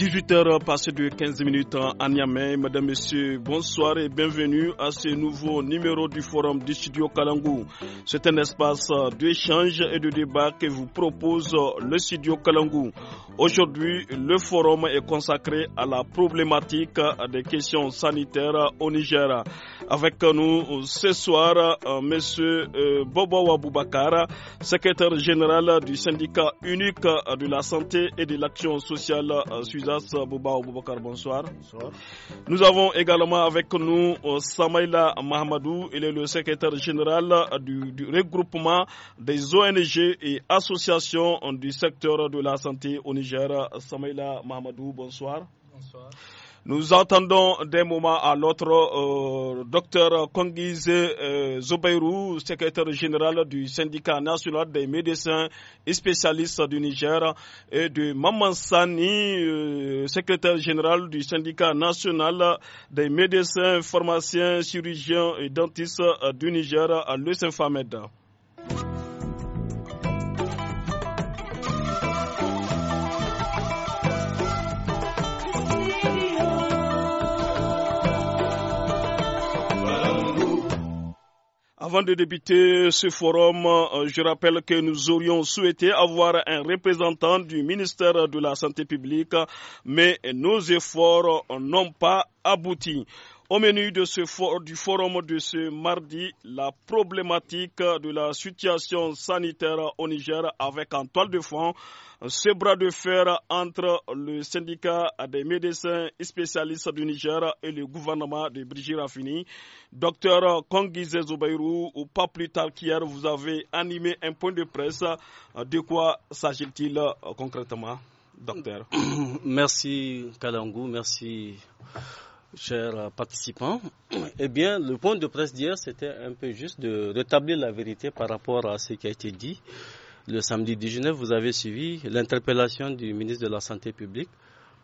18h passé de 15 minutes à Niamey. Mesdames, Messieurs, bonsoir et bienvenue à ce nouveau numéro du Forum du Studio Kalangou. C'est un espace d'échange et de débat que vous propose le Studio Kalangou. Aujourd'hui, le forum est consacré à la problématique des questions sanitaires au Niger. Avec nous ce soir, euh, M. Euh, Bobo Waboubakara, secrétaire général du syndicat unique euh, de la santé et de l'action sociale Suzas Boba Waboubakar, bonsoir. Bonsoir. Nous avons également avec nous Samaïla Mahamadou. Il est le secrétaire général du, regroupement des ONG et associations du secteur de la santé au Niger. Samaïla Mahamadou, bonsoir. Bonsoir. Nous entendons d'un moment à l'autre euh, Dr Kongize euh, secrétaire général du syndicat national des médecins et spécialistes du Niger, et de Mamansani, euh, secrétaire général du syndicat national des médecins, pharmaciens, chirurgiens et dentistes du Niger, à l'USFAMED. Avant de débuter ce forum, euh, je rappelle que nous aurions souhaité avoir un représentant du ministère de la Santé publique, mais nos efforts n'ont pas abouti. Au menu du forum de ce mardi, la problématique de la situation sanitaire au Niger avec en toile de fond ce bras de fer entre le syndicat des médecins spécialistes du Niger et le gouvernement de Brigitte Raffini. Docteur Kongize ou pas plus tard qu'hier, vous avez animé un point de presse. De quoi s'agit-il concrètement, docteur Merci Kalangou, merci chers euh, participants. Eh bien, le point de presse d'hier, c'était un peu juste de rétablir la vérité par rapport à ce qui a été dit. Le samedi 19, vous avez suivi l'interpellation du ministre de la Santé publique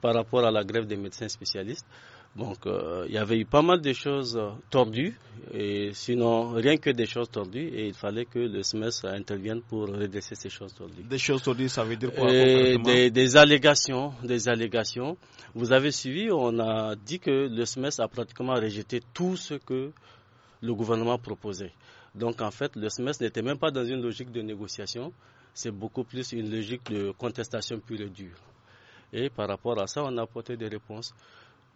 par rapport à la grève des médecins spécialistes. Donc euh, il y avait eu pas mal de choses euh, tordues, et sinon rien que des choses tordues, et il fallait que le SMES intervienne pour redresser ces choses tordues. Des choses tordues, ça veut dire quoi des, des allégations, des allégations. Vous avez suivi, on a dit que le SMES a pratiquement rejeté tout ce que le gouvernement proposait. Donc en fait, le SMES n'était même pas dans une logique de négociation, c'est beaucoup plus une logique de contestation pure et dure. Et par rapport à ça, on a apporté des réponses.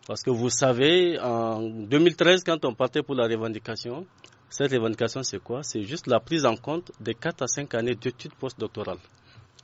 Parce que vous savez, en 2013, quand on partait pour la revendication, cette revendication, c'est quoi C'est juste la prise en compte des 4 à 5 années d'études postdoctorales.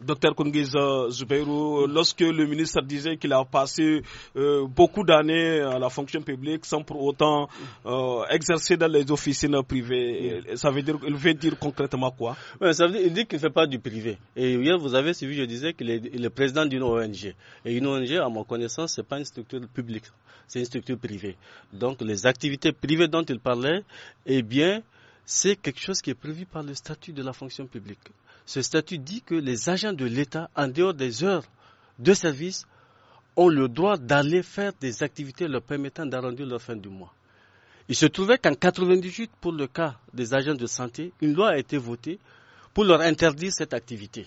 Docteur Kungiz Zubeiru, lorsque le ministre disait qu'il a passé euh, beaucoup d'années à la fonction publique sans pour autant euh, exercer dans les officines privées, ça veut dire, il veut dire concrètement quoi ça veut dire, Il dit qu'il ne fait pas du privé. Et hier, vous avez suivi, je disais qu'il est, président d'une ONG. Et une ONG, à ma connaissance, ce n'est pas une structure publique, c'est une structure privée. Donc les activités privées dont il parlait, eh bien, c'est quelque chose qui est prévu par le statut de la fonction publique. Ce statut dit que les agents de l'État, en dehors des heures de service, ont le droit d'aller faire des activités leur permettant d'arrondir leur fin du mois. Il se trouvait qu'en 98, pour le cas des agents de santé, une loi a été votée pour leur interdire cette activité.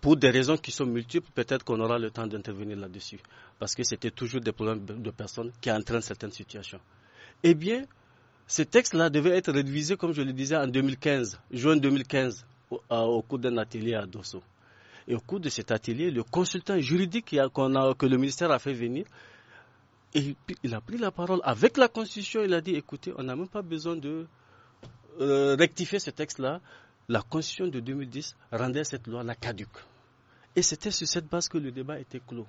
Pour des raisons qui sont multiples, peut-être qu'on aura le temps d'intervenir là-dessus. Parce que c'était toujours des problèmes de personnes qui entraînent certaines situations. Eh bien, ce texte-là devait être révisé, comme je le disais, en 2015, juin 2015, au, cours d'un atelier à Dosso. Et au cours de cet atelier, le consultant juridique que le ministère a fait venir, il a pris la parole avec la Constitution. Il a dit écoutez, on n'a même pas besoin de euh, rectifier ce texte-là. La Constitution de 2010 rendait cette loi la caduque. Et c'était sur cette base que le débat était clos.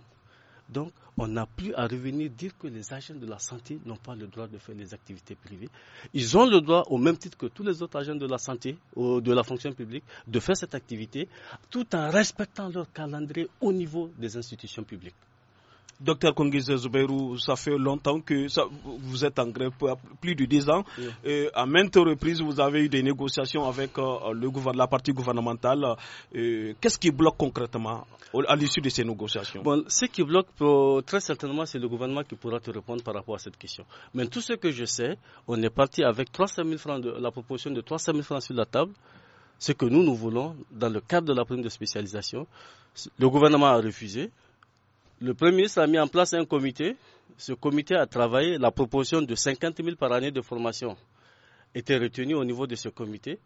Donc, on n'a plus à revenir dire que les agents de la santé n'ont pas le droit de faire des activités privées. Ils ont le droit, au même titre que tous les autres agents de la santé ou de la fonction publique, de faire cette activité tout en respectant leur calendrier au niveau des institutions publiques. Docteur Kongizé Zouberou, ça fait longtemps que vous êtes en grève, plus de 10 ans. Euh, à maintes reprises, vous avez eu des négociations avec euh, la partie gouvernementale. Euh, qu'est-ce qui bloque concrètement à l'issue de ces négociations Ce qui bloque, très certainement, c'est le gouvernement qui pourra te répondre par rapport à cette question. Mais tout ce que je sais, on est parti avec francs la proposition de 300 000 francs sur la table ce que nous, nous voulons dans le cadre de la prime de spécialisation. Le gouvernement a refusé. Le Premier ministre a mis en place un comité. Ce comité a travaillé. La proposition de 50 000 par année de formation était retenue au niveau de ce comité.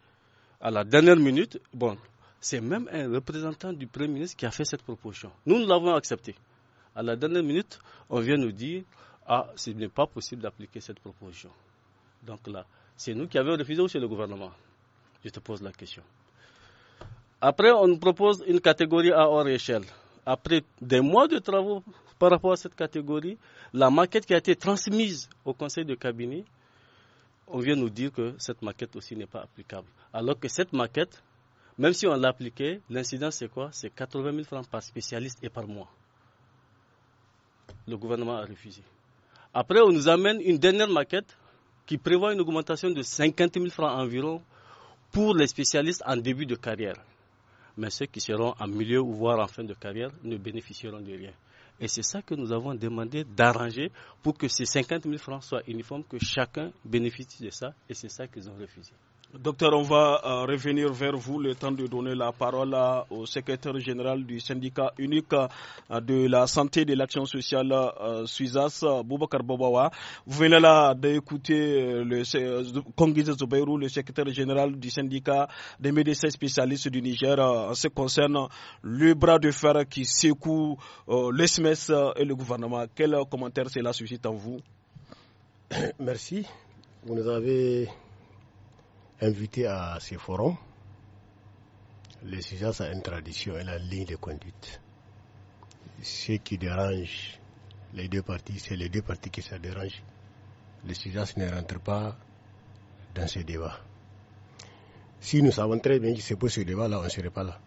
À la dernière minute, bon, c'est même un représentant du Premier ministre qui a fait cette proposition. Nous, nous l'avons acceptée. À la dernière minute, on vient nous dire Ah, ce n'est pas possible d'appliquer cette proposition. Donc là, c'est nous qui avons refusé ou c'est le gouvernement Je te pose la question. Après, on nous propose une catégorie à hors échelle après des mois de travaux par rapport à cette catégorie, la maquette qui a été transmise au conseil de cabinet, on vient nous dire que cette maquette aussi n'est pas applicable. Alors que cette maquette, même si on l'appliquait, l'incidence c'est quoi C'est 80 000 francs par spécialiste et par mois. Le gouvernement a refusé. Après, on nous amène une dernière maquette qui prévoit une augmentation de 50 000 francs environ pour les spécialistes en début de carrière mais ceux qui seront en milieu ou voire en fin de carrière ne bénéficieront de rien. Et c'est ça que nous avons demandé d'arranger pour que ces 50 000 francs soient uniformes, que chacun bénéficie de ça, et c'est ça qu'ils ont refusé. Docteur, on va euh, revenir vers vous le temps de donner la parole euh, au secrétaire général du syndicat unique euh, de la santé et de l'action sociale Suisas, Suizas, Boubacar Bobawa. Vous venez là d'écouter le le secrétaire général du syndicat des médecins spécialistes du Niger en ce qui concerne le bras de fer qui secoue le e et le gouvernement. Quel commentaire cela suscite en vous Merci. Vous nous avez Invité à ces forums, le sujet a une tradition et la ligne de conduite. Ce qui dérange les deux parties, c'est les deux parties qui se dérangent. Le sujet ne rentre pas dans ce débat. Si nous savons très bien que c'est pour ce débat-là, on ne serait pas là.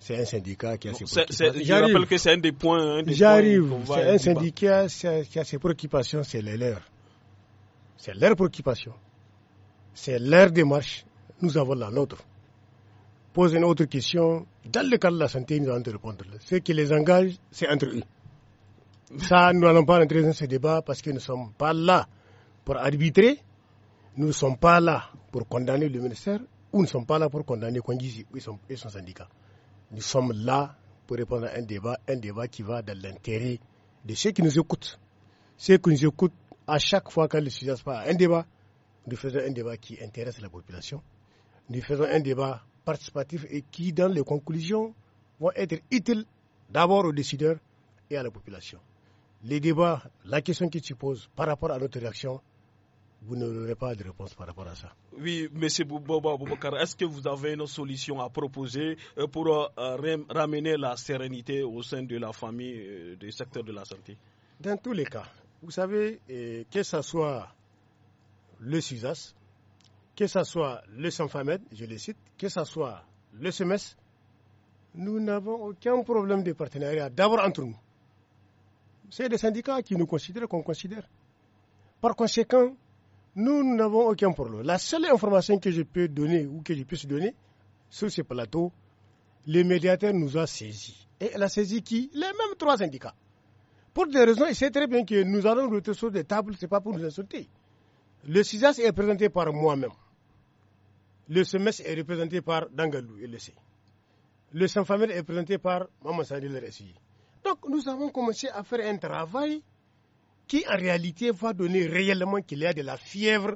C'est un syndicat qui a ses préoccupations. Je rappelle que c'est un des points. J'arrive. C'est un syndicat qui a ses préoccupations, c'est les leurs. C'est leur préoccupation c'est leur démarche, nous avons la nôtre. Posez une autre question, dans le cadre de la santé, nous allons te répondre. Ce qui les engage, c'est entre eux. Ça, nous n'allons pas entrer dans ce débat parce que nous ne sommes pas là pour arbitrer, nous ne sommes pas là pour condamner le ministère, ou nous ne sommes pas là pour condamner Kondisi et son syndicat. Nous sommes là pour répondre à un débat, un débat qui va dans l'intérêt de ceux qui nous écoutent. Ceux qui nous écoutent à chaque fois quand ne sujet pas un débat, nous faisons un débat qui intéresse la population. Nous faisons un débat participatif et qui, dans les conclusions, vont être utiles d'abord aux décideurs et à la population. Les débats, la question qui se pose par rapport à notre réaction, vous n'aurez pas de réponse par rapport à ça. Oui, M. Bouba est-ce que vous avez une solution à proposer euh, pour euh, ramener la sérénité au sein de la famille euh, du secteur de la santé Dans tous les cas, vous savez, que ce soit le SUSAS, que ce soit le SANFAMED, je le cite, que ce soit le SEMES, nous n'avons aucun problème de partenariat, d'abord entre nous. C'est les syndicats qui nous considèrent qu'on considère. Par conséquent, nous, n'avons aucun problème. La seule information que je peux donner ou que je puisse donner sur ce plateau, le médiateur nous a saisi. Et elle a saisi qui Les mêmes trois syndicats. Pour des raisons, et c'est très bien que nous allons retrouver sur des tables, ce n'est pas pour nous insulter. Le CISAS est présenté par moi-même. Le semestre est représenté par Dangalou et l'EC. Le sans est présenté par Maman Sadil Ressi. Donc nous avons commencé à faire un travail qui en réalité va donner réellement qu'il y a de la fièvre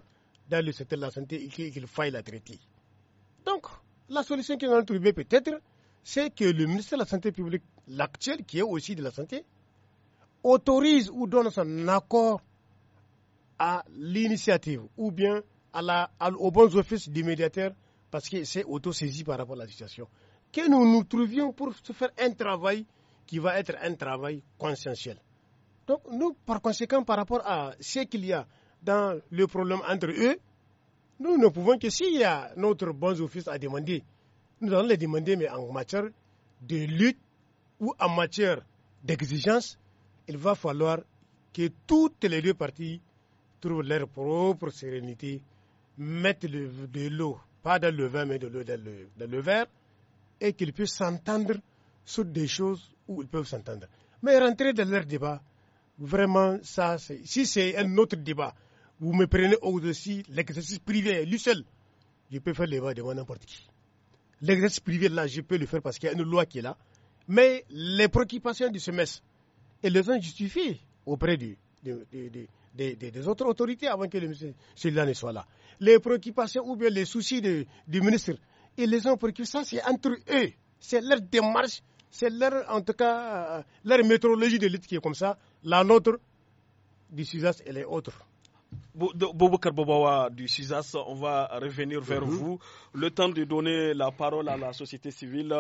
dans le secteur de la santé et qu'il faille la traiter. Donc la solution qu'on a trouver peut-être, c'est que le ministère de la Santé publique, l'actuel qui est aussi de la santé, autorise ou donne son accord à l'initiative ou bien à la, à, aux bons offices du médiateur parce que c'est auto-saisi par rapport à la situation. Que nous nous trouvions pour faire un travail qui va être un travail conscientiel. Donc nous, par conséquent, par rapport à ce qu'il y a dans le problème entre eux, nous ne pouvons que s'il y a notre bon office à demander, nous allons les demander, mais en matière de lutte ou en matière d'exigence, il va falloir que toutes les deux parties trouvent leur propre sérénité, mettre de l'eau, pas dans le vin, mais de l'eau dans le, verre, et qu'ils puissent s'entendre sur des choses où ils peuvent s'entendre. Mais rentrer dans leur débat, vraiment, ça, si c'est un autre débat, vous me prenez aussi l'exercice privé, lui seul, je peux faire le débat devant n'importe qui. L'exercice privé, là, je peux le faire parce qu'il y a une loi qui est là. Mais les préoccupations du semestre, elles les ont justifiées auprès du, du, des, autres autorités avant que le celui ne soit là. Les préoccupations ou bien les soucis du ministre, et les ont préoccupés, c'est entre eux, c'est leur démarche, c'est leur, en tout cas, euh, leur métrologie de lutte qui est comme ça, la nôtre, du et les autres. Bobo Karbobawa du CISAS, on va revenir vers mhm. vous. Le temps de donner la parole à la société civile.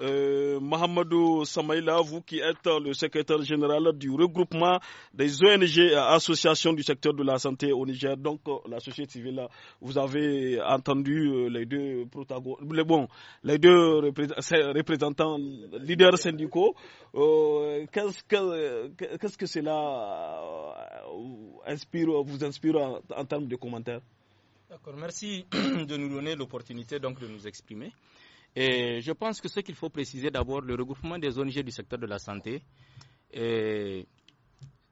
Euh, Mahamadou Samaïla, vous qui êtes le secrétaire général du regroupement des ONG et associations du secteur de la santé au Niger, donc euh, la société civile, vous avez entendu euh, les deux protagonistes, les, bon, les deux représentants, leaders syndicaux. Euh, qu'est-ce que, -ce que cela inspire, vous inspire en, termes de commentaires. D'accord, merci de nous donner l'opportunité de nous exprimer. je pense que ce qu'il faut préciser d'abord, le regroupement des ONG du secteur de la santé,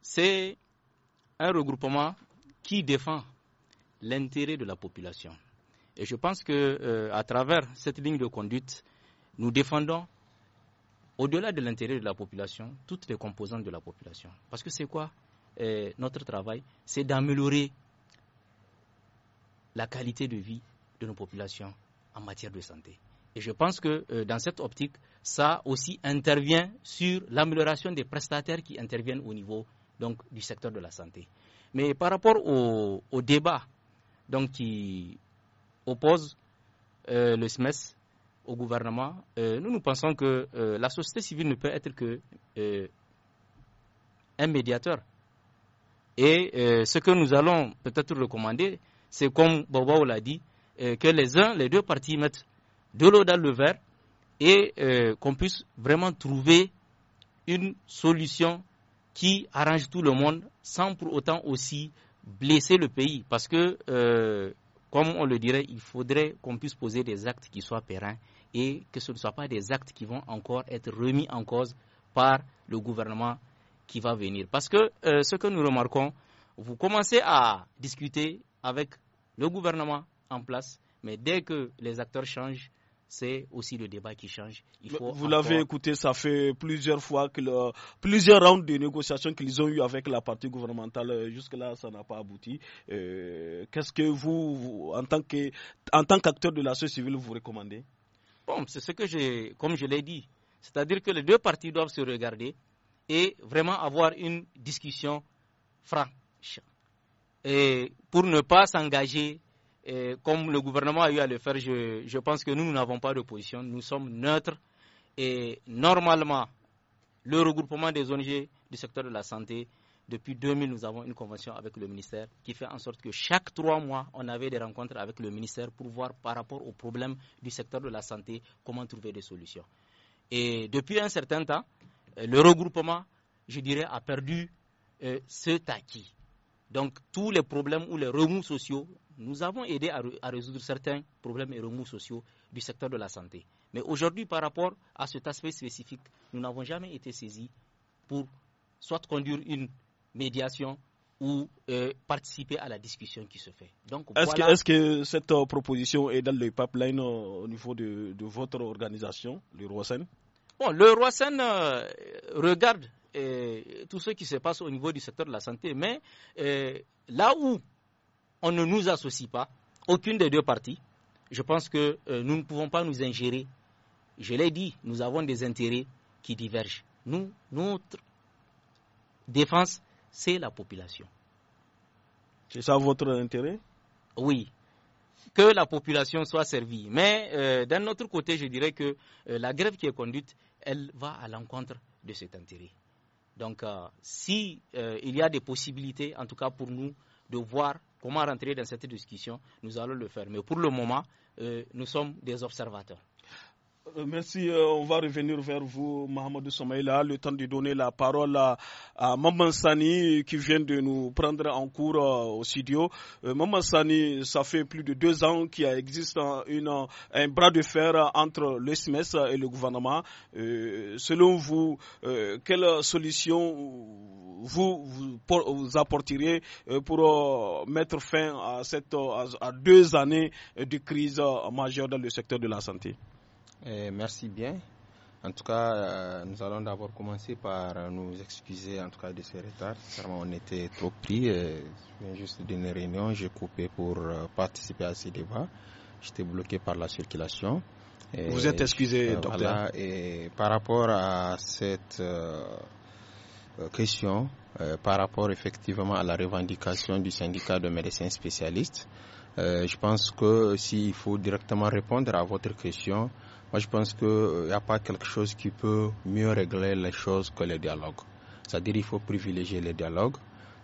c'est un regroupement qui défend l'intérêt de la population. Et je pense que euh, à travers cette ligne de conduite, nous défendons au-delà de l'intérêt de la population, toutes les composantes de la population. Parce que c'est quoi euh, notre travail, c'est d'améliorer la qualité de vie de nos populations en matière de santé. Et je pense que euh, dans cette optique, ça aussi intervient sur l'amélioration des prestataires qui interviennent au niveau du secteur de la santé. Mais par rapport au, débat qui oppose euh, le SMES e au gouvernement, nous nous pensons que la société civile ne peut être que un médiateur et euh, ce que nous allons peut-être recommander, c'est comme Bobo l'a dit, euh, que les uns, les deux parties mettent de l'eau dans le verre et euh, qu'on puisse vraiment trouver une solution qui arrange tout le monde sans pour autant aussi blesser le pays. Parce que, comme on le dirait, il faudrait qu'on puisse poser des actes qui soient pérennes et que ce ne soient pas des actes qui vont encore être remis en cause par le gouvernement qui va venir. Parce que euh, ce que nous remarquons, vous commencez à discuter avec le gouvernement en place, mais dès que les acteurs changent, c'est aussi le débat qui change. vous l'avez écouté, ça fait plusieurs fois, que plusieurs rounds de négociations qu'ils ont eu avec la partie gouvernementale. Euh, jusque-là, ça n'a pas abouti. Euh, qu'est-ce que vous, en tant qu'acteur de la société civile, vous recommandez Bon, c'est ce que j'ai, comme je l'ai dit. C'est-à-dire que les deux parties doivent se regarder, et vraiment avoir une discussion franche. Et pour ne pas s'engager, comme le gouvernement a eu à le faire, je, je pense que nous, nous n'avons pas de position, nous sommes neutres. Et normalement, le regroupement des ONG du secteur de la santé, depuis 2000, nous avons une convention avec le ministère qui fait en sorte que chaque trois mois, on avait des rencontres avec le ministère pour voir par rapport aux problèmes du secteur de la santé, comment trouver des solutions. Et depuis un certain temps, euh, le regroupement, je dirais, a perdu euh, cet acquis. Donc tous les problèmes ou les remous sociaux, nous avons aidé à, résoudre certains problèmes et remous sociaux du secteur de la santé. Mais aujourd'hui, par rapport à cet aspect spécifique, nous n'avons jamais été saisis pour soit conduire une médiation ou euh, participer à la discussion qui se fait. est-ce, que, cette euh, proposition est dans le pipeline au niveau de, de votre organisation, le ROSEN Bon, le roi Sen euh, regarde euh, tout ce qui se passe au niveau du secteur de la santé, mais euh, là où on ne nous associe pas, aucune des deux parties, je pense que nous ne pouvons pas nous ingérer. Je l'ai dit, nous avons des intérêts qui divergent. Nous, notre défense, c'est la population. C'est ça votre intérêt Oui, que la population soit servie. Mais d'un autre côté, je dirais que la grève qui est conduite elle va à l'encontre de cet intérêt. Donc, euh, si euh, il y a des possibilités, en tout cas pour nous, de voir comment rentrer dans cette discussion, nous allons le faire. Mais pour le moment, euh, nous sommes des observateurs. Euh, merci. Euh, on va revenir vers vous, Mohamed Somaïla. Le temps de donner la parole à, Maman Sani qui vient de nous prendre en cours euh, au studio. Maman Sani, ça fait plus de deux ans qu'il existe un bras de fer entre le SMES e et le gouvernement. selon vous, quelle solution vous, vous, pour, pour mettre fin à, cette, à deux années de crise majeure dans le secteur de la santé? Eh, merci bien. En tout cas, euh, nous allons d'abord commencer par nous excuser en tout cas de ce retard. Clairement, on était trop pris. Euh, juste d'une réunion, j'ai coupé pour euh, participer à ces débats. J'étais bloqué par la circulation. Vous êtes excusé, euh, docteur. Voilà, et par rapport à cette question, par rapport effectivement à la revendication du syndicat de médecins spécialistes, je pense que s'il faut directement répondre à votre question, moi, je pense qu'il n'y euh, a pas quelque chose qui peut mieux régler les choses que le dialogue. C'est-à-dire qu'il faut privilégier le dialogue.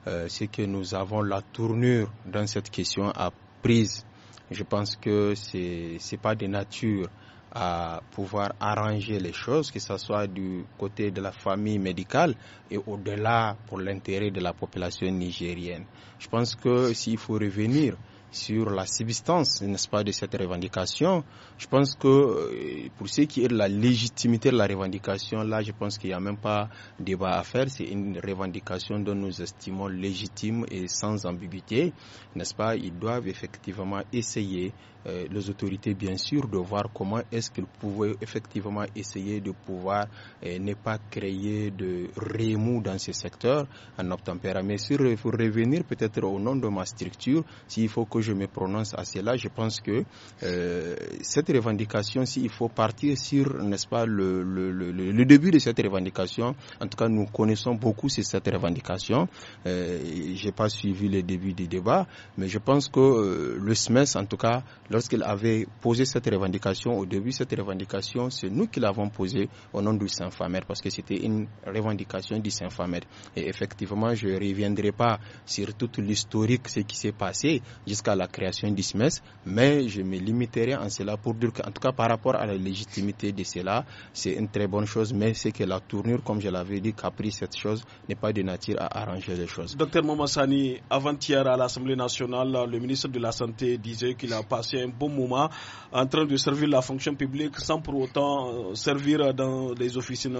Euh, c'est que nous avons la tournure dans cette question à prise. Je pense que ce n'est pas de nature à pouvoir arranger les choses, que ce soit du côté de la famille médicale et au-delà pour l'intérêt de la population nigérienne. Je pense que s'il faut revenir sur la subsistance, n'est-ce pas, de cette revendication. Je pense que euh, pour ce qui est de la légitimité de la revendication, là, je pense qu'il n'y a même pas débat à faire. C'est une revendication dont nous estimons légitime et sans ambiguïté, n'est-ce pas Ils doivent effectivement essayer, euh, les autorités bien sûr, de voir comment est-ce qu'ils pouvaient effectivement essayer de pouvoir euh, ne pas créer de remous dans ce secteur en obtempérant. Mais sur, il faut revenir peut-être au nom de ma structure, s'il faut que je me prononce à cela. Je pense que euh, cette revendication, s'il faut partir sur, n'est-ce pas, le, début de cette revendication, en tout cas, nous connaissons beaucoup cette revendication. Euh, je n'ai pas suivi le début du débat, mais je pense que euh, le SMES, e en tout cas, lorsqu'il avait posé cette revendication, au début, cette revendication, c'est nous qui l'avons posée au nom du Saint-Famer, parce que c'était une revendication du Saint-Famer. Et effectivement, je ne reviendrai pas sur toute l'historique, ce qui s'est passé jusqu'à la création d'ISMES, e mais je me limiterai en cela pour dire qu'en tout cas par rapport à la légitimité de cela, c'est une très bonne chose, mais c'est que la tournure, comme je l'avais dit, qu'a pris cette chose n'est pas de nature à arranger les choses. Docteur Momassani, avant-hier à l'Assemblée nationale, le ministre de la Santé disait qu'il a passé un bon moment en train de servir la fonction publique sans pour autant euh, servir dans les officines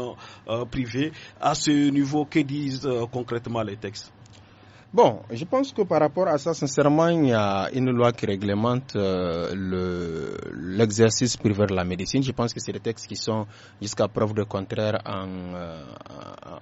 euh, privées. À ce niveau, que disent euh, concrètement les textes Bon, je pense que par rapport à ça, sincèrement, il y a une loi qui réglemente euh, l'exercice privé de la médecine. Je pense que c'est des textes qui sont, jusqu'à preuve de contraire, euh,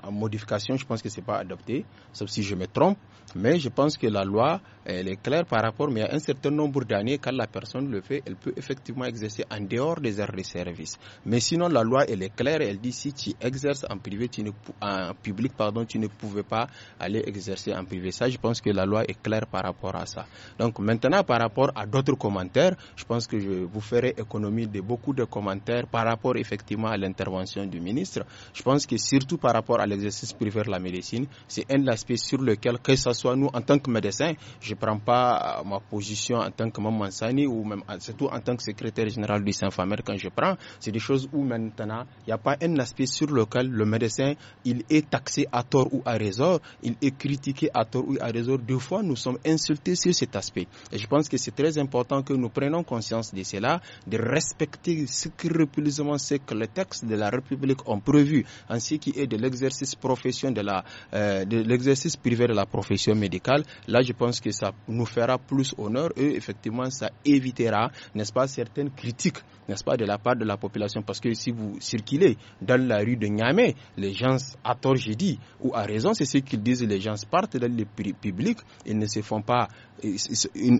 en, modification. Je pense que c'est pas adopté, sauf si je me trompe. Mais je pense que la loi, elle est claire par rapport, mais il y a un certain nombre d'années, quand la personne le fait, elle peut effectivement exercer en dehors des heures de service. Mais sinon, la loi, elle est claire. Elle dit si tu exerces en privé, tu ne, en public, pardon, tu ne pouvais pas aller exercer en privé je pense que la loi est claire par rapport à ça. Donc maintenant, par rapport à d'autres commentaires, je pense que je vous ferai économie de beaucoup de commentaires par rapport effectivement à l'intervention du ministre. Je pense que surtout par rapport à l'exercice privé de la médecine, c'est un aspect sur lequel, que ce soit nous en tant que médecins, je ne prends pas euh, ma position en tant que maman Sani ou même euh, surtout en tant que secrétaire général du saint famère quand je prends, c'est des choses où maintenant, il n'y a pas un aspect sur lequel le médecin, il est taxé à tort ou à raison, il est critiqué à tort ou à résoudre deux fois, nous sommes insultés sur cet aspect. Et je pense que c'est très important que nous prenions conscience de cela, de respecter scrupuleusement ce que les textes de la République ont prévu ainsi qu'il y est de l'exercice profession de la, euh, de l'exercice privé de la profession médicale. Là, je pense que ça nous fera plus honneur et effectivement, ça évitera, n'est-ce pas, certaines critiques, n'est-ce pas, de la part de la population. Parce que si vous circulez dans la rue de Niamey, les gens, à tort, j'ai dit, ou à raison, c'est ce qu'ils disent, les gens partent dans les publics, ils ne se font pas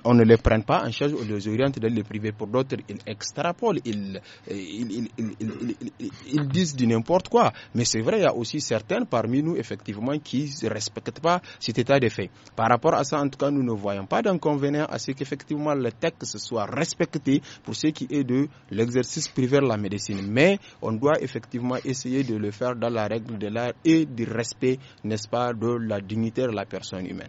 on ne les prenne pas en charge, on les oriente dans le privé. Pour d'autres, ils extrapolent, ils, disent du n'importe quoi. Mais c'est vrai, il y a aussi certains parmi nous, effectivement, qui ne respectent pas cet état de fait. Par rapport à ça, en tout cas, nous ne voyons pas d'inconvénient à ce qu'effectivement le texte soit respecté pour ce qui est de l'exercice privé de la médecine. Mais on doit effectivement essayer de le faire dans la règle de l'art et du respect, n'est-ce pas, de la dignité de la personne humaine.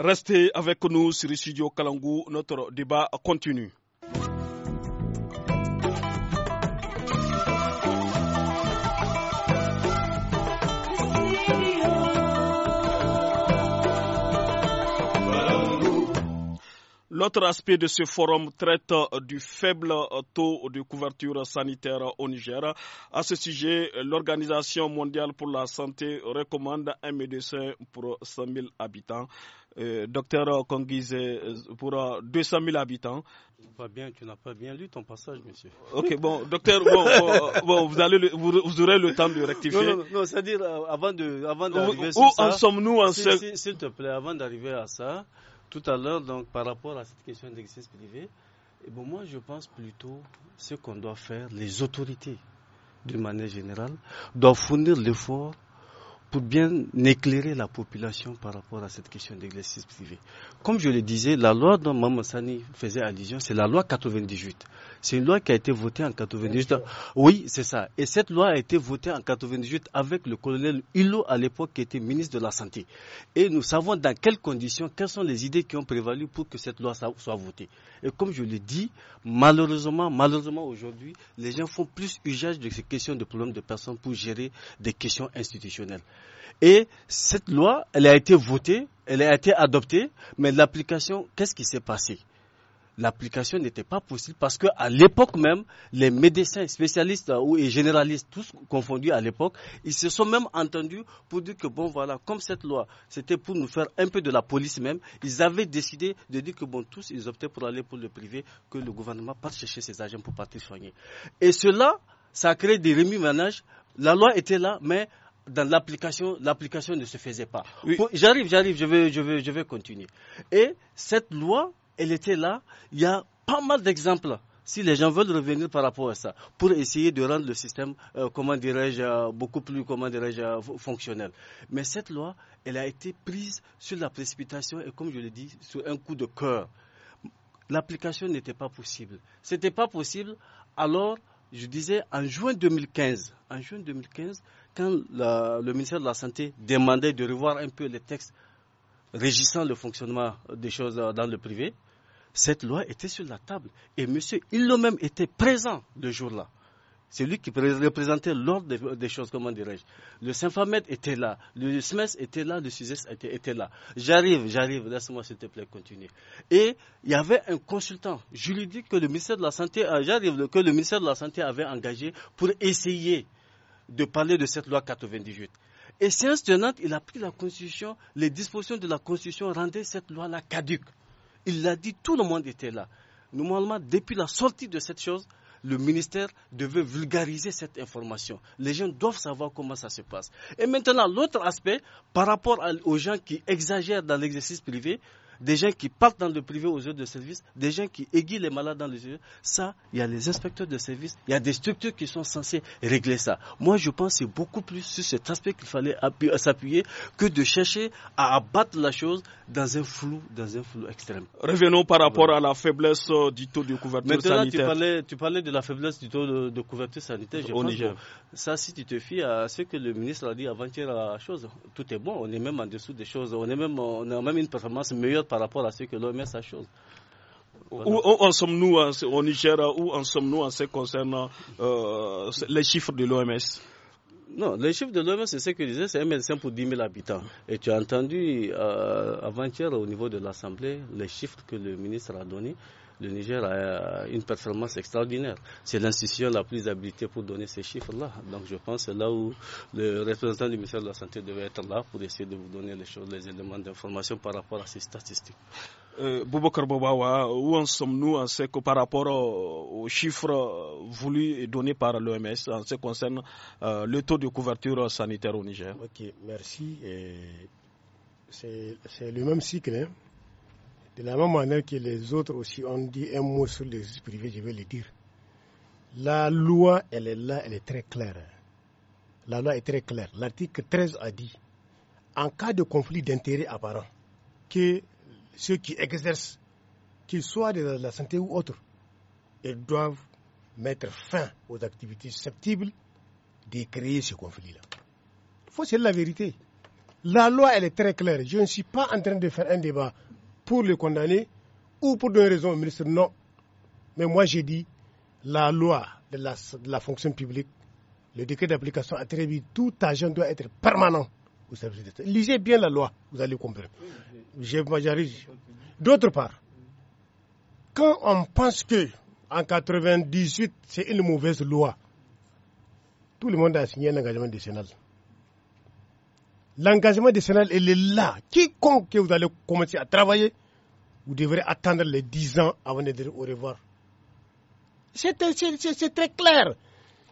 Restez avec nous sur le studio Kalangou, notre débat continue. L'autre aspect de ce forum traite euh, du faible euh, taux de couverture sanitaire au Niger. À ce sujet, l'Organisation mondiale pour la santé recommande un médecin pour 100 000 habitants. Euh, docteur Kongize, pour 200 000 habitants. Pas bien, tu n'as pas bien lu ton passage, monsieur. Ok, bon, docteur, bon, vous, allez vous, aurez le temps de rectifier. Non, non, non c'est-à-dire, avant d'arriver avant ça, nous en S'il te plaît, avant d'arriver à ça, tout à l'heure, donc par rapport à cette question d'exercice privé, et eh bon moi je pense plutôt ce qu'on doit faire, les autorités, d'une manière générale, doivent fournir l'effort pour bien éclairer la population par rapport à cette question d'exercice privé. Comme je le disais, la loi dont Maman Sani faisait allusion, c'est la loi 98. C'est une loi qui a été votée en 98. Oui, c'est ça. Et cette loi a été votée en 98 avec le colonel Hulot à l'époque qui était ministre de la Santé. Et nous savons dans quelles conditions, quelles sont les idées qui ont prévalu pour que cette loi soit votée. Et comme je l'ai dit, malheureusement, malheureusement aujourd'hui, les gens font plus usage de ces questions de problèmes de personnes pour gérer des questions institutionnelles. Et cette loi, elle a été votée, elle a été adoptée, mais l'application, qu'est-ce qui s'est passé? l'application n'était pas possible parce que à l'époque même, les médecins spécialistes euh, ou et généralistes, tous confondus à l'époque, ils se sont même entendus pour dire que bon voilà, comme cette loi, c'était pour nous faire un peu de la police même, ils avaient décidé de dire que bon tous, ils optaient pour aller pour le privé, que le gouvernement parte chercher ses agents pour partir soigner. Et cela, ça a créé des remis-ménages. La loi était là, mais dans l'application, l'application ne se faisait pas. J'arrive, j'arrive, je je, je vais continuer. Et cette loi, elle était là. Il y a pas mal d'exemples si les gens veulent revenir par rapport à ça, pour essayer de rendre le système, euh, comment dirais-je, euh, beaucoup plus, comment dirais euh, fonctionnel. Mais cette loi, elle a été prise sur la précipitation et, comme je l'ai dit, sur un coup de cœur. L'application n'était pas possible. C'était pas possible. Alors, je disais, en juin 2015, en juin 2015, quand le ministère de la Santé demandait de revoir un peu les textes régissant le fonctionnement des choses dans le privé, cette loi était sur la table et monsieur, il même était présent le jour-là. C'est lui qui représentait l'ordre des, choses, comment dirais-je. Le symphomet était là, le SMES était là, le SUSES était, là. J'arrive, j'arrive, laisse-moi s'il te plaît continuer. Et il y avait un consultant juridique que le ministère de la Santé, j'arrive, que le ministère de la Santé avait engagé pour essayer de parler de cette loi 98. Et séance tenante, il a pris la Constitution, les dispositions de la Constitution rendaient cette loi-là caduque. Il l'a dit, tout le monde était là. Normalement, depuis la sortie de cette chose, le ministère devait vulgariser cette information. Les gens doivent savoir comment ça se passe. Et maintenant, l'autre aspect, par rapport aux gens qui exagèrent dans l'exercice privé, des gens qui partent dans le privé aux heures de service, des gens qui aiguillent les malades dans les yeux. Ça, il y a les inspecteurs de service, il y a des structures qui sont censées régler ça. Moi, je pense que c'est beaucoup plus sur cet aspect qu'il fallait s'appuyer que de chercher à abattre la chose dans un flou, dans un flou extrême. Revenons par rapport à la faiblesse euh, du taux de couverture sanitaire. Tu parlais, tu parlais de la faiblesse du taux de, couverture sanitaire. Je ça, si tu te fies à ce que le ministre a dit avant-hier, la chose, tout est bon. On est même en dessous des choses. On est même, on a même une performance meilleure par rapport à ce que l'OMS a chose. Où, en sommes-nous au Niger Où en sommes-nous en ce qui concerne euh, les chiffres de l'OMS non, les chiffres de l'OMS, c'est ce que je disais, c'est un médecin pour 10 000 habitants. Et tu as entendu euh, avant-hier au niveau de l'Assemblée les chiffres que le ministre a donnés le Niger a euh, une performance extraordinaire. C'est l'institution la plus habilitée pour donner ces chiffres-là. Donc je pense que c'est là où le représentant du ministère de la Santé devait être là pour essayer de vous donner les éléments d'information par rapport à ces statistiques. Euh, Boubacar où en sommes-nous en ce que par rapport aux, chiffres euh, voulus et donnés par l'OMS en ce qui concerne euh, le taux de couverture sanitaire au Niger Ok, merci. C'est le même cycle. Hein. De la même manière que les autres aussi ont dit un mot sur les privés, je vais le dire. La loi, elle est là, elle est très claire. La loi est très claire. L'article 13 a dit, en cas de conflit d'intérêts apparent, que ceux qui exercent, qu'ils soient de la santé ou autre, ils doivent mettre fin aux activités susceptibles de créer ce conflit-là. Il faut c'est la vérité. La loi, elle est très claire. Je ne suis pas en train de faire un débat pour le condamner ou pour donner raison au ministre. Non. Mais moi, j'ai dit, la loi de la, fonction publique, le décret d'application a très vite, tout agent doit être permanent au service d'État. Lisez bien la loi, vous allez comprendre. D'autre part, quand on pense que en 98, c'est une mauvaise loi, tout le monde a signé un engagement décennal l'engagement des Sénat, il est là. Quiconque vous allez commencer à travailler, vous devrez attendre les 10 ans avant de dire au revoir. C'est très clair.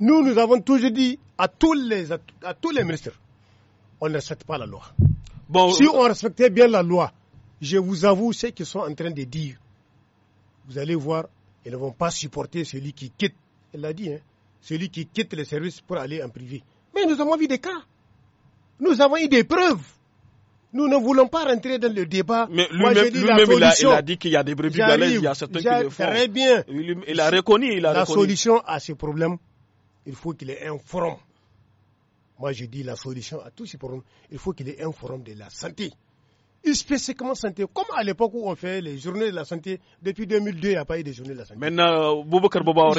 Nous, nous avons toujours dit à tous les, à tous les ministres, on ne respecte pas la loi. si on respectait bien la loi, je vous avoue ce qui sont en train de dire. Vous allez voir, ils ne vont pas supporter celui qui quitte. Elle l'a dit, hein, celui qui quitte les services pour aller en privé. Mais nous avons vu des cas. Nous avons eu des preuves. Nous ne voulons pas rentrer dans le débat. Mais lui-même, il, a, dit qu'il y a des brebis galaises, il y a certains qui le font. Très bien. Il, a reconnu. la solution à ce problème, il faut qu'il ait un forum. Moi, je dis la solution à tous ces problèmes, il faut qu'il ait un forum de la santé. spécifiquement santé, comme à l'époque où on fait les journées de la santé, depuis 2002, il n'y a pas eu de journées de la santé. Maintenant, Boubacar Boba,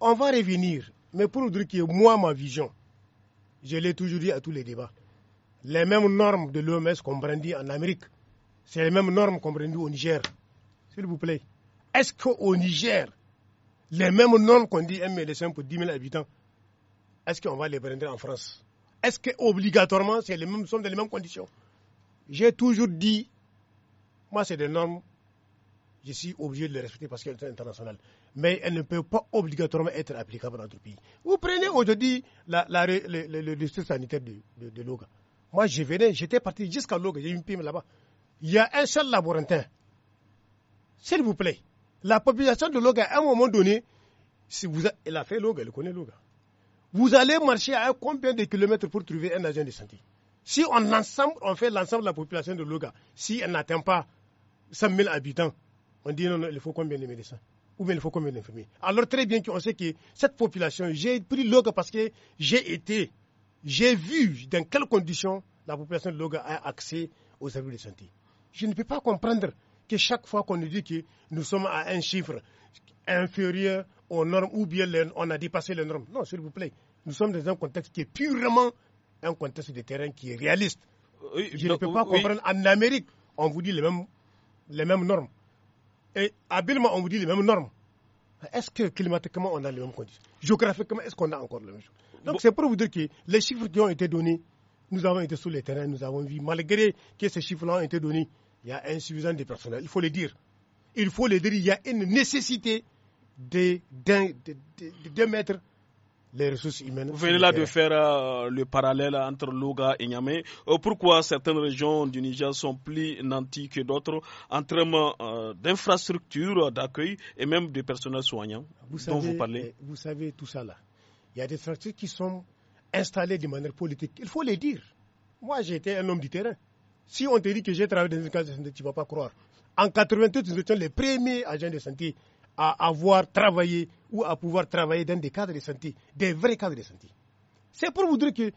On va revenir, mais pour vous dire que moi, ma vision, je l'ai toujours dit à tous les débats, les mêmes normes de l'OMS qu'on brandit en Amérique, c'est les mêmes normes qu'on brandit au Niger. S'il vous plaît, est-ce qu'au Niger, les mêmes normes qu'on dit un médecin pour 10 000 habitants, est-ce qu'on va les brandir en France Est-ce qu'obligatoirement, c'est les mêmes, sont dans les mêmes conditions J'ai toujours dit, moi, c'est des normes, je suis obligé de les respecter parce qu'elles sont internationales mais elle ne peut pas obligatoirement être applicable dans d'autres pays. Vous prenez aujourd'hui la, le, district sanitaire de, Loga. Moi, je venais, j'étais parti jusqu'à Loga, j'ai une pime là-bas. Il y a un seul laboratoire. S'il vous plaît, la population de Loga, à un moment donné, si elle a fait Loga, elle connaît Loga. Vous allez marcher à combien de kilomètres pour trouver un agent de santé Si on, on fait l'ensemble de la population de Loga, si elle n'atteint pas 100 000 habitants, on dit non, il faut combien de médecins ou bien il faut combien d'infirmiers Alors très bien qu'on sait que cette population, j'ai pris Loga parce que j'ai été, j'ai vu dans quelles conditions la population de Loga a accès aux services de santé. Je ne peux pas comprendre que chaque fois qu'on nous dit que nous sommes à un chiffre inférieur aux normes ou bien on a dépassé les normes. Non, s'il vous plaît, nous sommes dans un contexte qui est purement un contexte de terrain qui est réaliste. Euh, Je ne peux pas comprendre. En Amérique, on vous dit les mêmes, les mêmes normes. Et habilement, on vous dit les mêmes normes. Est-ce que climatiquement, on a les mêmes conditions Géographiquement, est-ce qu'on a encore les mêmes choses Donc, c'est pour vous dire que les chiffres qui ont été donnés, nous avons été sur le terrain, nous avons vu, malgré que ces chiffres-là ont été donnés, il y a insuffisance de personnel. Il faut le dire. Il faut le dire, il y a une nécessité de mettre vous venez là de faire euh, le parallèle entre Loga et Niamey. Euh, pourquoi certaines régions du Niger sont plus nantis que d'autres en termes euh, d'infrastructures d'accueil et même de personnel soignant dont vous parlez eh, Vous savez tout ça là. Il y a des structures qui sont installées de manière politique. Il faut les dire. Moi, j'étais un homme du terrain. Si on te dit que j'ai travaillé dans une case de santé, tu ne vas pas croire. En 88, nous étions les premiers agents de santé à avoir travaillé ou à pouvoir travailler dans des cadres de santé, des vrais cadres de santé. C'est pour vous dire que,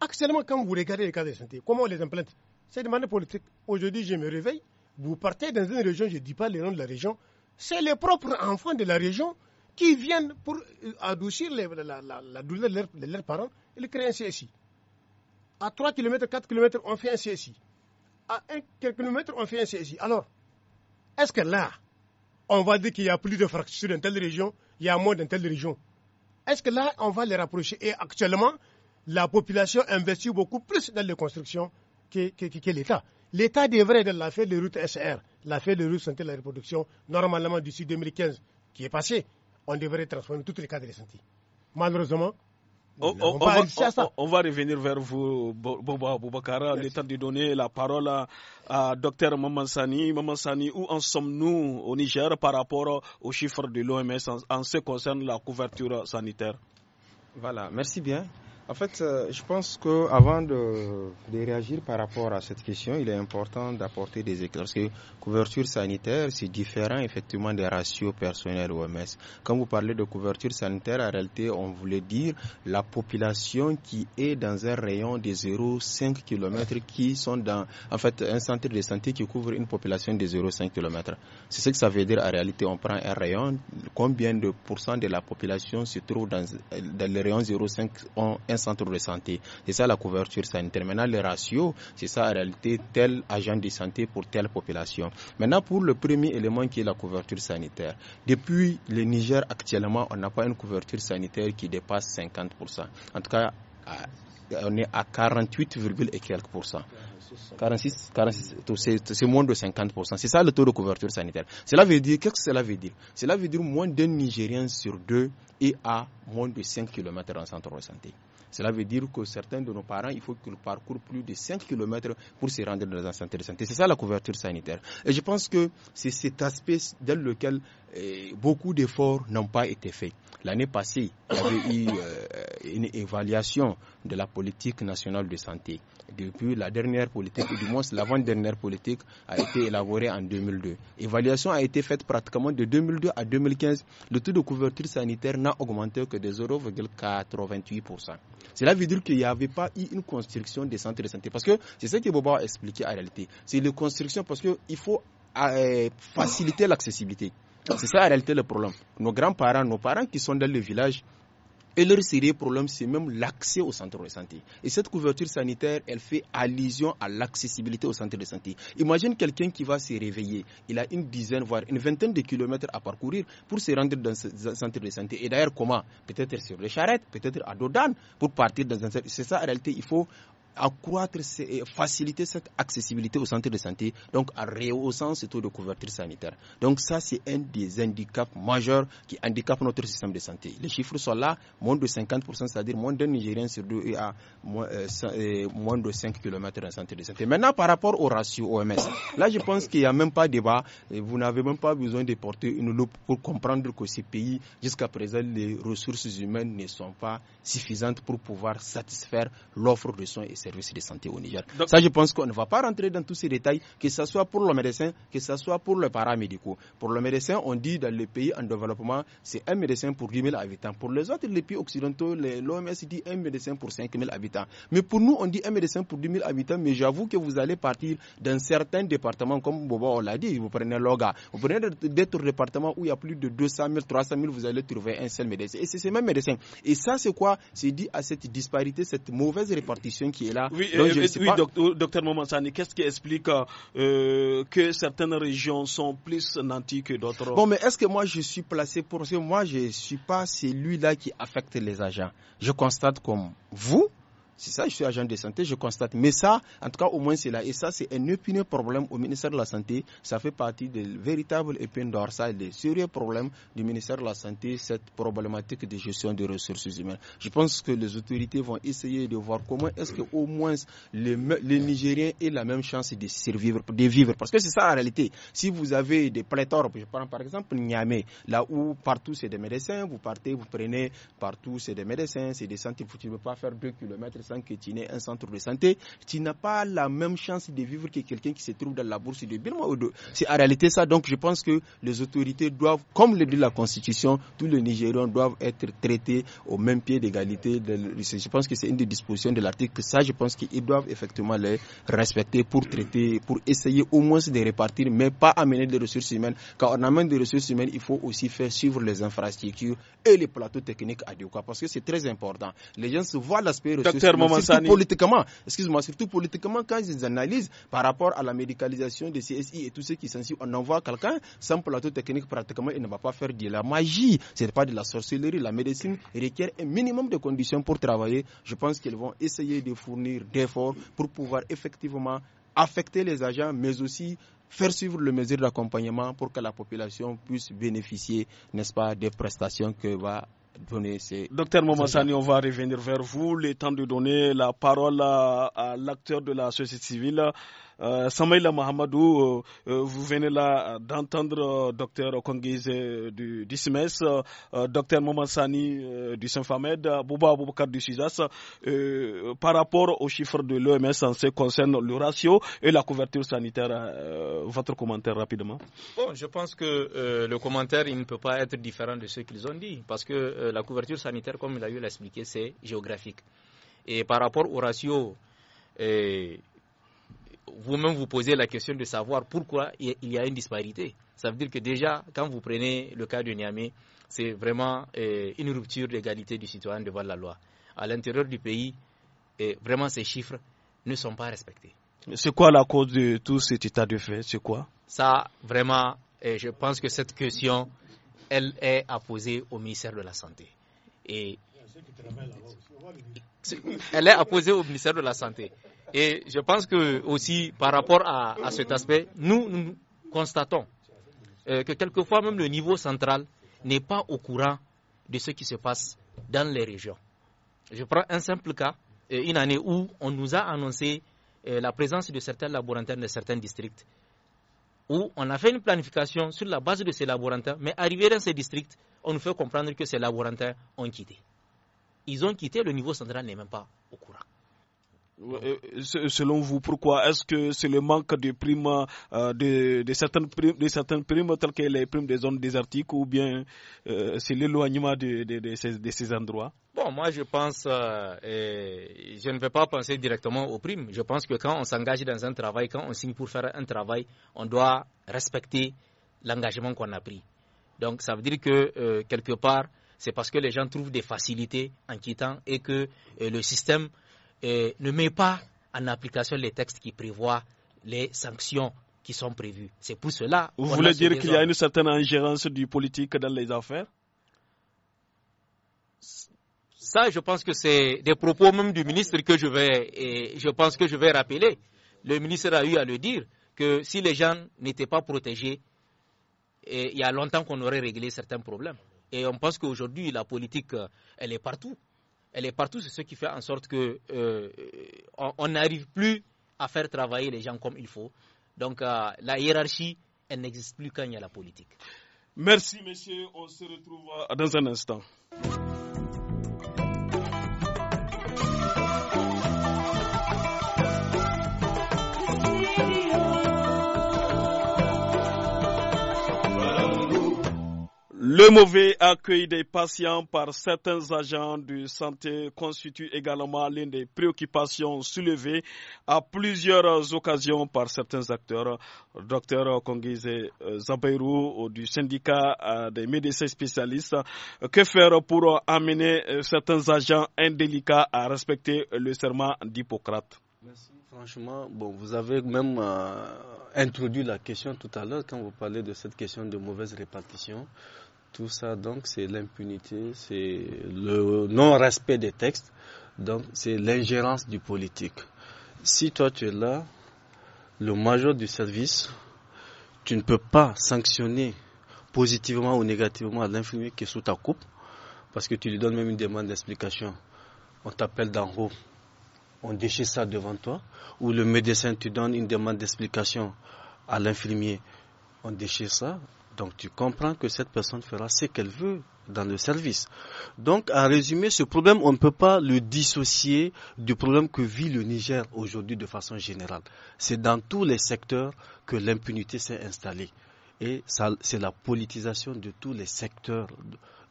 actuellement, quand vous regardez les cadres de santé, comment on les implante C'est de manière politique. Aujourd'hui, je me réveille, vous partez dans une région, je ne dis pas le nom de la région, c'est les propres enfants de la région qui viennent pour euh, adoucir la, douleur de, leurs parents et les créer un CSI. À 3 km, 4 km, on fait un CSI. À 1 km, on fait un CSI. Alors, est-ce que là, on va dire qu'il y a plus de fractures dans telle région, il y a moins dans telle région. Est-ce que là, on va les rapprocher Et actuellement, la population investit beaucoup plus dans les constructions que, l'État. L'État devrait, dans l'affaire de routes SR, l'affaire de routes santé et la reproduction, normalement d'ici 2015, qui est passé, on devrait transformer toutes les cadres de santé. Malheureusement, on, va, revenir vers vous, Boba Boubacara, le temps de donner la parole à, Docteur Dr Mamansani. Mamansani, où en sommes-nous au Niger par rapport aux chiffres de l'OMS en, en, ce qui concerne la couverture sanitaire Voilà, merci bien. En fait, euh, je pense qu'avant de, de réagir par rapport à cette question, il est important d'apporter des éclairs. Parce que couverture sanitaire, c'est différent effectivement des ratios personnels OMS. Quand vous parlez de couverture sanitaire, en réalité, on voulait dire la population qui est dans un rayon de 0,5 km, qui sont dans, en fait, un centre de santé qui couvre une population de 0,5 km. C'est ce que ça veut dire en réalité. On prend un rayon, combien de pourcents de la population se trouve dans, dans le rayon 0,5 un centre de santé. C'est ça la couverture sanitaire. Maintenant, les ratios, c'est ça en réalité tel agent de santé pour telle population. Maintenant, pour le premier élément qui est la couverture sanitaire. Depuis le Niger, actuellement, on n'a pas une couverture sanitaire qui dépasse 50%. En tout cas, on est à 48, et quelques pourcents. 46, 46 c'est moins de 50%. C'est ça le taux de couverture sanitaire. Cela veut dire, qu'est-ce que cela veut dire Cela veut dire moins d'un Nigérien sur deux est à moins de 5 km en centre de santé. Cela veut dire que certains de nos parents, il faut qu'ils parcourent plus de 5 kilomètres pour se rendre dans un centre de santé. C'est ça la couverture sanitaire. Et je pense que c'est cet aspect dans lequel eh, beaucoup d'efforts n'ont pas été faits. L'année passée, il y avait eu euh, une évaluation de la politique nationale de santé. Depuis la dernière politique, ou du moins l'avant-dernière politique, a été élaborée en 2002. L'évaluation a été faite pratiquement de 2002 à 2015. Le taux de couverture sanitaire n'a augmenté que de 0,88%. Cela veut dire qu'il n'y avait pas eu une construction des centres de santé. Parce que c'est ce que Boba a expliqué en réalité. C'est une construction parce qu'il faut euh, faciliter l'accessibilité. C'est ça en réalité le problème. Nos grands-parents, nos parents qui sont dans le village, et leur sérieux problème, c'est même l'accès au centre de santé. Et cette couverture sanitaire, elle fait allusion à l'accessibilité au centre de santé. Imagine quelqu'un qui va se réveiller. Il a une dizaine, voire une vingtaine de kilomètres à parcourir pour se rendre dans ce centre de santé. Et d'ailleurs, comment Peut-être sur les charrettes, peut-être à Dodan pour partir dans un centre. C'est ça, en réalité, il faut accroître, faciliter cette accessibilité au centre de santé, donc en rehaussant ce taux de couverture sanitaire. Donc ça, c'est un des handicaps majeurs qui handicapent notre système de santé. Les chiffres sont là, moins de 50%, c'est-à-dire moins d'un Nigérien sur deux est à moins, euh, euh, de 5 km d'un centre de santé. Maintenant, par rapport au ratio OMS, là, je pense qu'il n'y a même pas débat. Vous n'avez même pas besoin de porter une loupe pour comprendre que ces pays, jusqu'à présent, les ressources humaines ne sont pas suffisantes pour pouvoir satisfaire l'offre de soins services de santé au Niger. ça, je pense qu'on ne va pas rentrer dans tous ces détails, que ce soit pour le médecin, que ce soit pour les paramédicaux. Pour le médecin, on dit dans les pays en développement, c'est un médecin pour 10 000 habitants. Pour les autres, les pays occidentaux, l'OMS dit un médecin pour 5 000 habitants. Mais pour nous, on dit un médecin pour 10 000 habitants, mais j'avoue que vous allez partir dans certains départements, comme Bobo on l'a dit, vous prenez Loga, vous prenez d'autres départements où il y a plus de 200 000, 300 000, vous allez trouver un seul médecin. Et c'est ce même médecin. Et ça, c'est quoi C'est dit à cette disparité, cette mauvaise répartition qui est oui, euh, oui, oh, docteur, docteur Momansani, qu'est-ce qui explique euh, que certaines régions sont plus nanties que d'autres Bon, mais est-ce que moi je suis placé pour ça Moi, je ne suis pas celui-là qui affecte les agents. Je constate comme vous, c'est ça, je suis agent de santé, je constate. Mais ça, en tout cas, au moins, c'est là. Et ça, c'est un épineux problème au ministère de la Santé. Ça fait partie des véritables épines dorsales, des sérieux problèmes du ministère de la Santé, cette problématique de gestion des ressources humaines. Je pense que les autorités vont essayer de voir comment est-ce que au moins les, Nigériens aient la même chance de survivre, de vivre. Parce que c'est ça, en réalité. Si vous avez des pléthores, je prends par exemple Niamey, là où partout c'est des médecins, vous partez, vous prenez partout c'est des médecins, c'est des santé, vous ne pouvez pas faire 2 kilomètres sans que tu n'aies un centre de santé, tu n'as pas la même chance de vivre que quelqu'un qui se trouve dans la bourse de Birma ou de... C'est en réalité ça. Donc je pense que les autorités doivent, comme le dit la Constitution, tous les Nigérians doivent être traités au même pied d'égalité. Je pense que c'est une des dispositions de l'article. Ça, je pense qu'ils doivent effectivement les respecter pour traiter, pour essayer au moins de répartir, mais pas amener des ressources humaines. Quand on amène des ressources humaines, il faut aussi faire suivre les infrastructures et les plateaux techniques adéquats parce que c'est très important. Les gens se voient l'aspect ressources Politiquement, excuse-moi, surtout politiquement, quand ils analysent par rapport à la médicalisation des CSI et tout ce qui s'ensuit, on envoie quelqu'un sans plateau technique pratiquement, il ne va pas faire de la magie. Ce n'est pas de la sorcellerie. La médecine requiert un minimum de conditions pour travailler. Je pense qu'ils vont essayer de fournir d'efforts pour pouvoir effectivement affecter les agents, mais aussi faire suivre les mesures d'accompagnement pour que la population puisse bénéficier, n'est-ce pas, des prestations que va Docteur Momassani, on va revenir vers vous. Le temps de donner la parole à l'acteur de la société civile. Euh, Samaïla Mohamadou, euh, euh, vous venez là d'entendre docteur Kongize du, du SMES, e docteur Momansani du Saint-Famed, Bouba Aboubakar du SISAS. par rapport aux chiffres de l'OMS en ce qui concerne le ratio et la couverture sanitaire, votre commentaire rapidement Bon, je pense que le commentaire il ne peut pas être différent de ce qu'ils ont dit parce que la couverture sanitaire, comme il a eu l'expliqué, c'est géographique. Et par rapport au ratio, vous-même vous posez la question de savoir pourquoi il y a une disparité. Ça veut dire que déjà, quand vous prenez le cas de Niamey, c'est vraiment euh, une rupture d'égalité du citoyen devant la loi. À l'intérieur du pays, euh, vraiment ces chiffres ne sont pas respectés. C'est quoi la cause de tout cet état de fait C'est quoi Ça, vraiment, euh, je pense que cette question, elle est à poser au ministère de la Santé. elle est à poser au ministère de la Santé. Et je pense que aussi par rapport à, cet aspect, nous, constatons euh, que quelquefois même le niveau central n'est pas au courant de ce qui se passe dans les régions. Je prends un simple cas, euh, une année où on nous a annoncé euh, la présence de certains laborantins de certains districts, où on a fait une planification sur la base de ces laborataires, mais arrivé dans ces districts, on nous fait comprendre que ces laborantins ont quitté. Ils ont quitté, le niveau central n'est même pas au courant. Euh, selon vous, pourquoi Est-ce que c'est le manque de euh, primes, de, certaines primes, telles que les primes des zones désertiques ou bien euh, c'est l'éloignement de, ces, endroits Bon, moi je pense, je ne vais pas penser directement aux primes. Je pense que quand on s'engage dans un travail, quand on signe pour faire un travail, on doit respecter l'engagement qu'on a pris. Donc ça veut dire que quelque part, c'est parce que les gens trouvent des facilités en quittant et que le système ne met pas en application les textes qui prévoient les sanctions qui sont prévues. C'est pour cela. Vous voulez dire qu'il y a une certaine ingérence du politique dans les affaires ça, je pense que c'est des propos même du ministre que je vais, je pense que je vais rappeler. Le ministre a eu à le dire que si les gens n'étaient pas protégés, il y a longtemps qu'on aurait réglé certains problèmes. Et on pense qu'aujourd'hui, la politique, elle est partout elle est partout. C'est ce qui fait en sorte que euh, on n'arrive plus à faire travailler les gens comme il faut. Donc euh, la hiérarchie, elle n'existe plus quand il y a la politique. Merci, messieurs, On se retrouve euh, dans un instant. Le mauvais accueil des patients par certains agents de santé constitue également l'une des préoccupations soulevées à plusieurs occasions par certains acteurs. Docteur Kongize ou euh, du syndicat euh, des médecins spécialistes, que faire pour amener euh, certains agents indélicats à respecter le serment d'Hippocrate Franchement, bon, vous avez même introduit la question tout à l'heure quand vous parlez de cette question de mauvaise répartition. Tout ça, donc, c'est l'impunité, c'est le non-respect des textes, donc, c'est l'ingérence du politique. Si toi, tu es là, le major du service, tu ne peux pas sanctionner positivement ou négativement l'infirmier qui est sous ta coupe, parce que tu lui donnes même une demande d'explication. On t'appelle d'en haut, on déchire ça devant toi, ou le médecin, tu donnes une demande d'explication à l'infirmier, on déchire ça, donc tu comprends que cette personne fera ce qu'elle veut dans le service. Donc, à résumer, ce problème, on ne peut pas le dissocier du problème que vit le Niger aujourd'hui de façon générale. C'est dans tous les secteurs que l'impunité s'est installée. Et c'est la politisation de tous les secteurs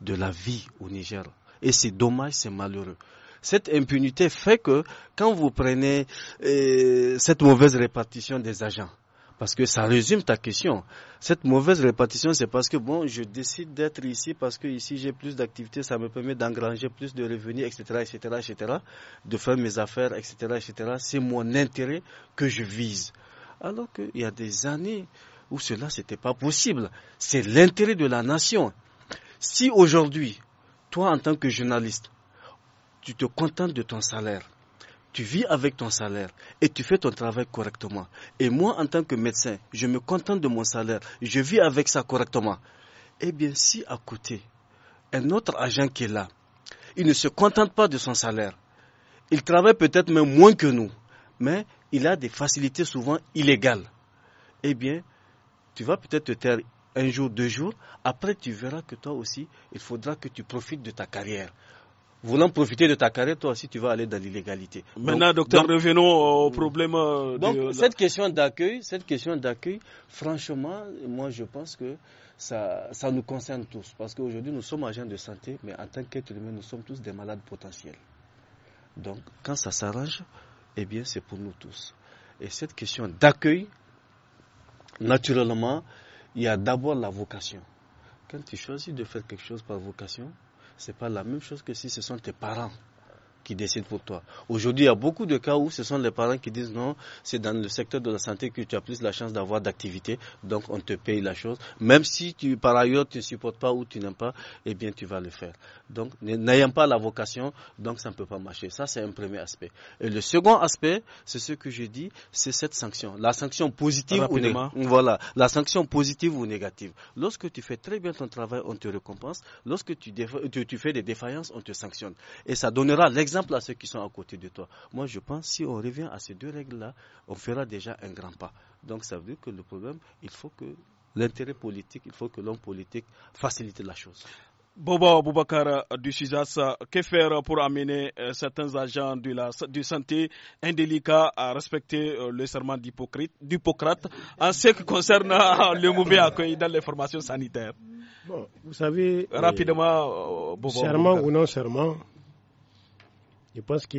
de la vie au Niger. Et c'est dommage, c'est malheureux. Cette impunité fait que quand vous prenez euh, cette mauvaise répartition des agents, parce que ça résume ta question. Cette mauvaise répartition, c'est parce que bon, je décide d'être ici parce que ici j'ai plus d'activités, ça me permet d'engranger plus de revenus, etc., etc., etc., de faire mes affaires, etc., etc. C'est mon intérêt que je vise. Alors qu'il y a des années où cela n'était pas possible. C'est l'intérêt de la nation. Si aujourd'hui, toi en tant que journaliste, tu te contentes de ton salaire, tu vis avec ton salaire et tu fais ton travail correctement. Et moi, en tant que médecin, je me contente de mon salaire, je vis avec ça correctement. Eh bien, si à côté, un autre agent qui est là, il ne se contente pas de son salaire, il travaille peut-être même moins que nous, mais il a des facilités souvent illégales. Eh bien, tu vas peut-être te taire un jour, deux jours, après tu verras que toi aussi, il faudra que tu profites de ta carrière voulant profiter de ta carrière, toi aussi, tu vas aller dans l'illégalité. Maintenant, docteur, revenons au problème. Euh, donc, cette question d'accueil, cette question d'accueil, franchement, moi, je pense que ça, ça nous concerne tous. Parce qu'aujourd'hui, nous sommes agents de santé, mais en tant qu'être humain nous sommes tous des malades potentiels. Donc, quand ça s'arrange, eh bien, c'est pour nous tous. Et cette question d'accueil, naturellement, il y a d'abord la vocation. Quand tu choisis de faire quelque chose par vocation, c'est pas la même chose que si ce sont tes parents qui décide pour toi. Aujourd'hui, il y a beaucoup de cas où ce sont les parents qui disent non, c'est dans le secteur de la santé que tu as plus la chance d'avoir d'activité, donc on te paye la chose. Même si tu, par ailleurs, tu ne supportes pas ou tu n'aimes pas, eh bien, tu vas le faire. Donc, n'ayant pas la vocation, donc ça ne peut pas marcher. Ça, c'est un premier aspect. Et le second aspect, c'est ce que je dis, c'est cette sanction. La sanction positive ou négative. Voilà. La sanction positive ou négative. Lorsque tu fais très bien ton travail, on te récompense. Lorsque tu, tu, tu fais des défaillances, on te sanctionne. Et ça donnera l'exemple exemple à ceux qui sont à côté de toi. Moi, je pense si on revient à ces deux règles-là, on fera déjà un grand pas. Donc, ça veut dire que le problème, il faut que l'intérêt politique, il faut que l'homme politique facilite la chose. Bobo Boubacar du SUSAS, que faire pour amener euh, certains agents de la santé indélicats à respecter euh, le serment d'Hippocrate en ce qui concerne euh, le mauvais accueil dans les formations sanitaires bon, Vous savez, rapidement, serment ou non serment, je pense que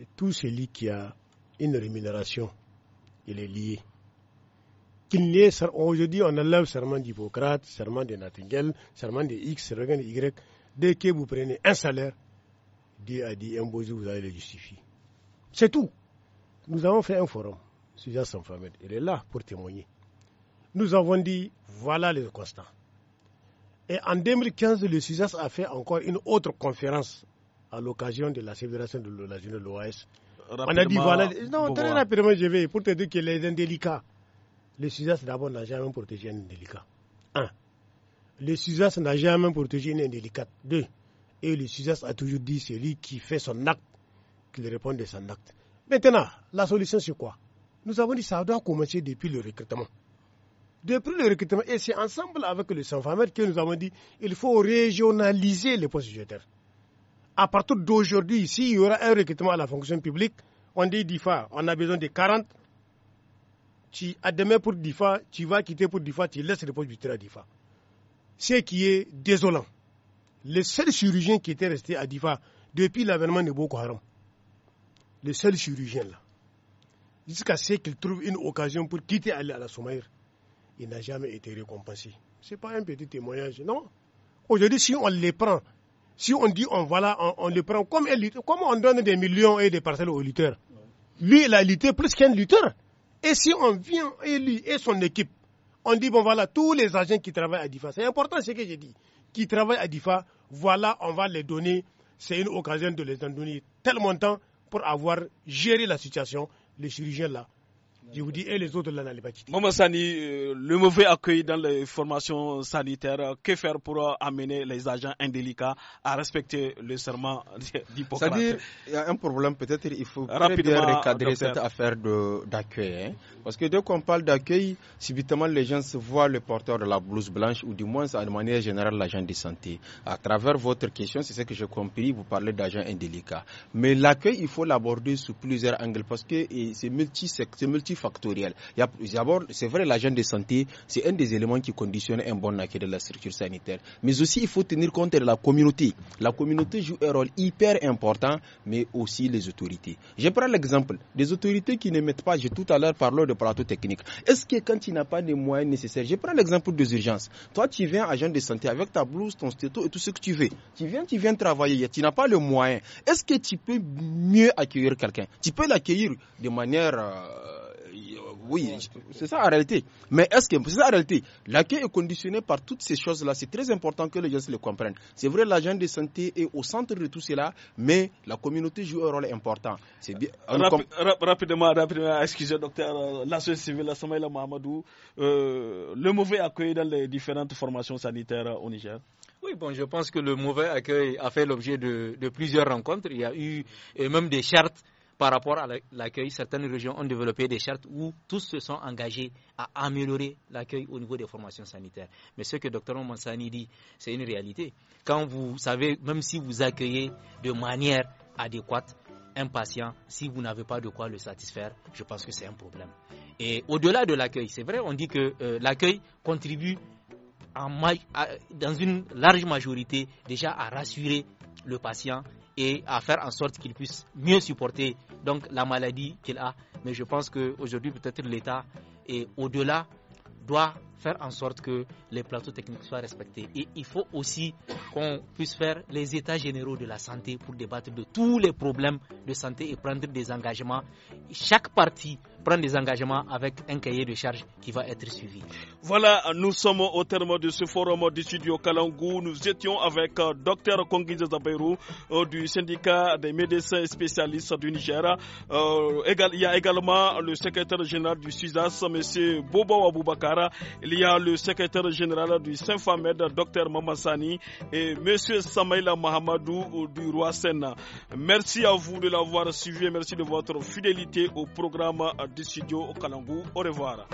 euh, tout celui qui a une rémunération, il est lié. Qu'il aujourd'hui, on enlève serment d'Hippocrate, serment de Nathaniel, serment de X, serment de Y. Dès que vous prenez un salaire, Dieu a dit un beau jour, vous allez le justifier. C'est tout. Nous avons fait un forum Le sujet Il est là pour témoigner. Nous avons dit, voilà les constats. Et en 2015, le sujet a fait encore une autre conférence à l'occasion de la célébration de la journée de l'OAS. On a dit voilà. Non, très rapidement, je vais pour te dire que les indélicats. Le SUSAS d'abord n'a jamais protégé un indélicat. Un. Le SUSAS n'a jamais protégé un indélicat. Deux. Et le SUSAS a toujours dit celui qui fait son acte, qu'il répond de son acte. Maintenant, la solution c'est quoi Nous avons dit ça doit commencer depuis le recrutement. Depuis le recrutement, et c'est ensemble avec le sans que nous avons dit il faut régionaliser les postes judiciaires à partir d'aujourd'hui, s'il y aura un recrutement à la fonction publique, on dit DIFA, on a besoin de 40. Tu, admets pour DIFA, tu vas quitter pour DIFA, tu laisses le poste du à DIFA. Ce qui est désolant. Le seul chirurgien qui était resté à DIFA depuis l'avènement de Boko Haram, le seul chirurgien là, jusqu'à ce qu'il trouve une occasion pour quitter aller à la Somaïre, il n'a jamais été récompensé. Ce n'est pas un petit témoignage, non. Aujourd'hui, si on les prend si on dit on voilà, on, le prend comme un lutteur, comme on donne des millions et des parcelles aux lutteurs. Lui, il a lutté plus qu'un lutteur. Et si on vient et lui et son équipe, on dit bon voilà, tous les agents qui travaillent à DIFA, c'est important ce que j'ai dit, qui travaillent à DIFA, voilà, on va les donner, c'est une occasion de les en donner de temps pour avoir géré la situation. Les chirurgiens là et les autres euh, le mauvais accueil dans les formations sanitaires, que faire pour amener les agents indélicats à respecter le serment d'Hippocrate C'est-à-dire, il y a un problème, peut-être il faut Rapidement, bien recadrer cette affaire d'accueil. Hein. Parce que dès qu'on parle d'accueil, subitement les gens se voient le porteur de la blouse blanche ou du moins, de manière générale, l'agent de santé. À travers votre question, c'est ce que j'ai compris, vous parlez d'agents indélicats. Mais l'accueil, il faut l'aborder sous plusieurs angles parce que c'est multi, multi factorielle. D'abord, c'est vrai, l'agent de santé, c'est un des éléments qui conditionne un bon accueil de la structure sanitaire. Mais aussi, il faut tenir compte de la communauté. La communauté joue un rôle hyper important, mais aussi les autorités. Je prends l'exemple des autorités qui ne mettent pas, j'ai tout à l'heure parlé de plateau technique. Est-ce que quand tu n'as pas les moyens nécessaires, je prends l'exemple des urgences. Toi, tu viens, agent de santé, avec ta blouse, ton stéto et tout ce que tu veux. Tu viens, tu viens travailler, tu n'as pas le moyen. Est-ce que tu peux mieux accueillir quelqu'un Tu peux l'accueillir de manière... Euh, oui, c'est ça en réalité. Mais est-ce que c'est ça en réalité L'accueil est conditionné par toutes ces choses-là. C'est très important que les gens le comprennent. C'est vrai, l'agent de santé est au centre de tout cela, mais la communauté joue un rôle important. rapidement, rapidement, excusez docteur, euh, l'association civile, Samaïla Mahamadou, euh, le mauvais accueil dans les différentes formations sanitaires au Niger. Oui, bon, je pense que le mauvais accueil a fait l'objet de, plusieurs rencontres. Il y a eu même des chartes par rapport à l'accueil, certaines régions ont développé des chartes où tous se sont engagés à améliorer l'accueil au niveau des formations sanitaires. Mais ce que Dr Monsani dit, c'est une réalité. Quand vous savez, même si vous accueillez de manière adéquate un patient, si vous n'avez pas de quoi le satisfaire, je pense que c'est un problème. Et au-delà de l'accueil, c'est vrai, on dit que euh, l'accueil contribue dans une large majorité déjà à rassurer le patient et à faire en sorte qu'il puisse mieux supporter donc la maladie qu'il a. Mais je pense qu'aujourd'hui, peut-être l'État, et au-delà, doit faire en sorte que les plateaux techniques soient respectés. Et il faut aussi qu'on puisse faire les états généraux de la santé pour débattre de tous les problèmes de santé et prendre des engagements. Chaque parti prend des engagements avec un cahier de charges qui va être suivi. Voilà, nous sommes au terme de ce forum du studio Kalangou. Nous étions avec euh, Dr Kongi Zabayrou euh, du syndicat des médecins spécialistes du Niger. Euh, il y a également le secrétaire général du SUSAS, M. Bobo Aboubakara. Il y a le secrétaire général du Saint-Famed, Dr Mamassani, et M. Samaïla Mahamadou du Roi Senna. Merci à vous de l'avoir suivi et merci de votre fidélité au programme du studio Kalangou. Au revoir.